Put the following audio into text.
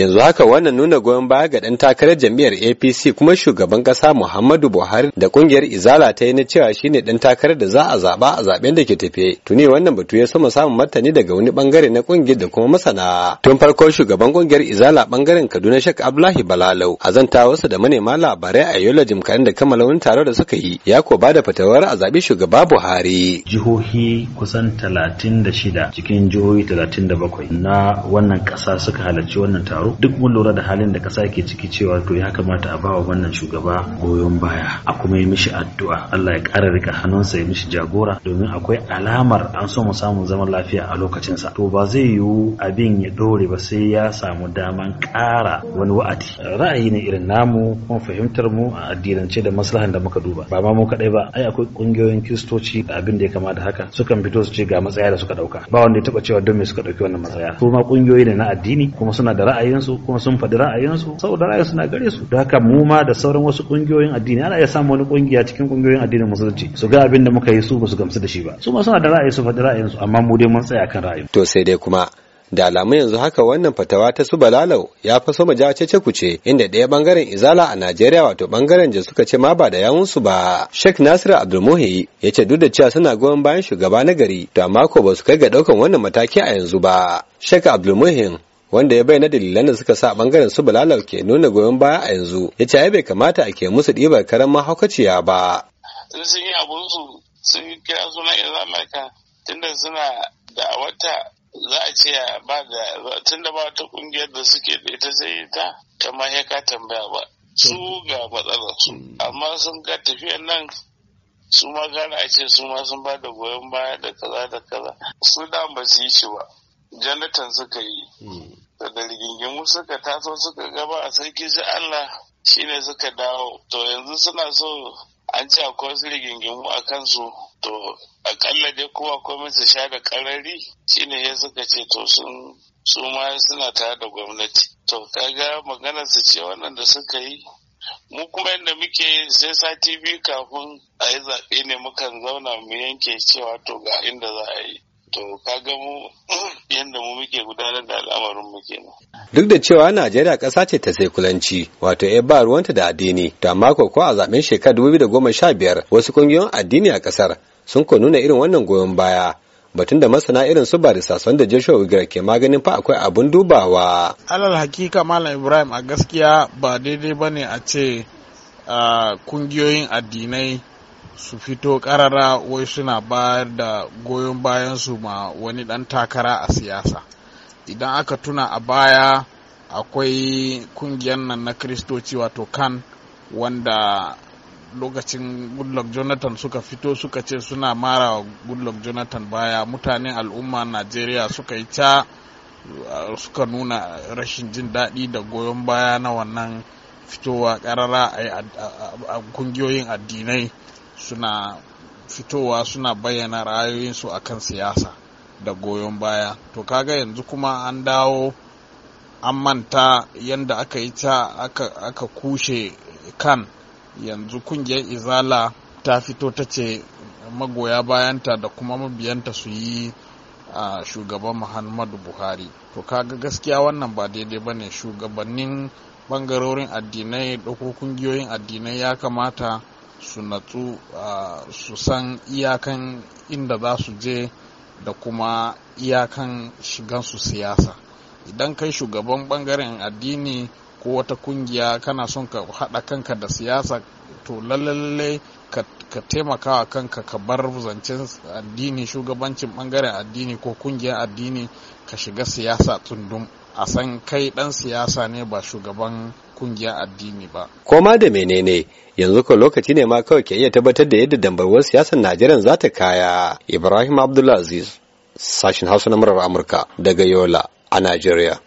yanzu haka wannan nuna goyon baya ga dan takarar jam'iyyar apc kuma shugaban ƙasa muhammadu buhari da ƙungiyar izala ta yi na cewa shine ɗan takarar da za a zaɓa a zaɓen da ke tafiye. tuni wannan batu ya sama samun martani daga wani bangare na kungiyar da kuma masana tun farko shugaban kungiyar izala bangaren kaduna shek abdullahi balalau a zanta wasu da manema labarai a yola jimkarin da kammala wani taro da suka yi ya ko bada fatawar a zabi shugaba buhari jihohi kusan talatin da shida cikin jihohi talatin da bakwai na wannan kasa suka halarci wannan taro duk mun lura da halin da kasa ke ciki cewa to ya kamata a bawa wannan shugaba goyon baya a kuma yi mishi addu'a Allah ya ƙara rika hannunsa ya mishi jagora domin akwai alamar an so mu samu zaman lafiya a lokacin sa to ba zai yiwu abin ya dore ba sai ya samu daman ƙara wani wa'adi ra'ayi ne irin namu kuma fahimtar mu a addinance da maslahan da muka duba ba ma mu kaɗai ba ai akwai ƙungiyoyin da abin da ya kama da haka sukan fito su ce ga matsaya da suka ɗauka ba wanda ya taɓa cewa don me suka ɗauki wannan matsaya kuma kungiyoyi ne na addini kuma suna da ra'ayin ra'ayinsu kuma sun faɗi ra'ayinsu saboda ra'ayin suna gare su da haka mu ma da sauran wasu kungiyoyin addini ana iya samun wani kungiya cikin kungiyoyin addinin musulunci su ga abin da muka yi su basu gamsu da shi ba su ma suna da ra'ayi su faɗi ra'ayinsu amma mu dai mun tsaya kan ra'ayin to sai dai kuma da alamu yanzu haka wannan fatawa ta su balalau ya fa soma ja ku kuce inda ɗaya bangaren izala a najeriya wato bangaren da suka ce ma ba da yawunsu ba shek nasiru abdulmuhi ya ce duk da cewa suna goyon bayan shugaba na gari to amma ko ba su kai ga ɗaukan wannan mataki a yanzu ba shek abdulmuhi wanda ya bayyana dalilan da suka sa bangaren su Bilalal ke nuna goyon baya a yanzu ya ce bai kamata a ke musu ɗibar karan mahaukaciya ba. sun yi abun su sun kira suna yanzu Amurka tunda suna da wata za a ce ba da tunda ba wata kungiyar da suke da ita sai ta ta ma ka tambaya ba su ga matsalar su amma sun ga tafiyar nan su ma gane a ce su ma sun ba da goyon baya da kaza da kaza su da ba su yi shi ba janatan suka yi hmm. da rigingimu suka taso suka gaba a sarki shi Allah shine suka dawo to yanzu suna so an ce akwai wasu rigingimu a kansu to akalla dai kowa komai su sha da karari shine ya suka ce to sun su ma suna tare da gwamnati to kaga magana su ce wannan da suka yi mu kuma yadda muke sai sati biyu kafin a yi zaɓe ne mukan zauna mu yanke cewa to ga inda za a yi to kaga mu yadda mu muke gudanar da al'amarin mu kenan duk da cewa Najeriya ƙasa ce ta sekulanci wato ya eh, ba ruwanta da addini to amma ko a zaben shekara biyar wasu ƙungiyoyin addini a ƙasar sun ko nuna irin wannan goyon baya batun da masana irin su ba da joshua wigar ke maganin fa akwai abun dubawa alal hakika malam ibrahim a gaskiya ba daidai ba ne a ce kungiyoyin ah, addinai su fito karara wai suna bayar da goyon bayan su ma wani dan takara a siyasa idan aka tuna a baya akwai kungiyar nan na kristoci wato kan wanda lokacin goodluck jonathan suka fito suka ce suna mara wa goodluck jonathan baya mutanen al'umma najeriya suka yi ca, suka nuna rashin jin daɗi da goyon baya na wannan fitowa ƙarara a kungiyoyin addinai suna fitowa suna bayyana ra'ayoyinsu a kan siyasa da goyon baya to kaga yanzu kuma an dawo an manta yadda aka yi ta aka, kushe kan yanzu kungiyar izala ta fito ta ce magoya bayanta da kuma mabiyanta su yi a shugaban muhammadu buhari to kaga gaskiya wannan ba daidai ba ne shugabannin bangarorin addinai da kungiyoyin addinai ya kamata su natsu su san iyakan inda za su je da kuma iyakan su siyasa idan kai shugaban bangaren addini ko wata kungiya kana son ka haɗa kanka da siyasa to lalle ka taimaka a kanka ka bar zancen addini shugabancin bangaren addini ko kungiyar addini ka shiga siyasa tsundum a san kai dan siyasa ne ba shugaban kungiyar addini ba. Koma da menene yanzu ko lokaci ne ma kawai ke iya tabbatar da yadda dambarwar siyasar Najeriya za ta kaya. Ibrahim Abdulaziz, sashen Hausa na murar Amurka daga Yola a Najeriya.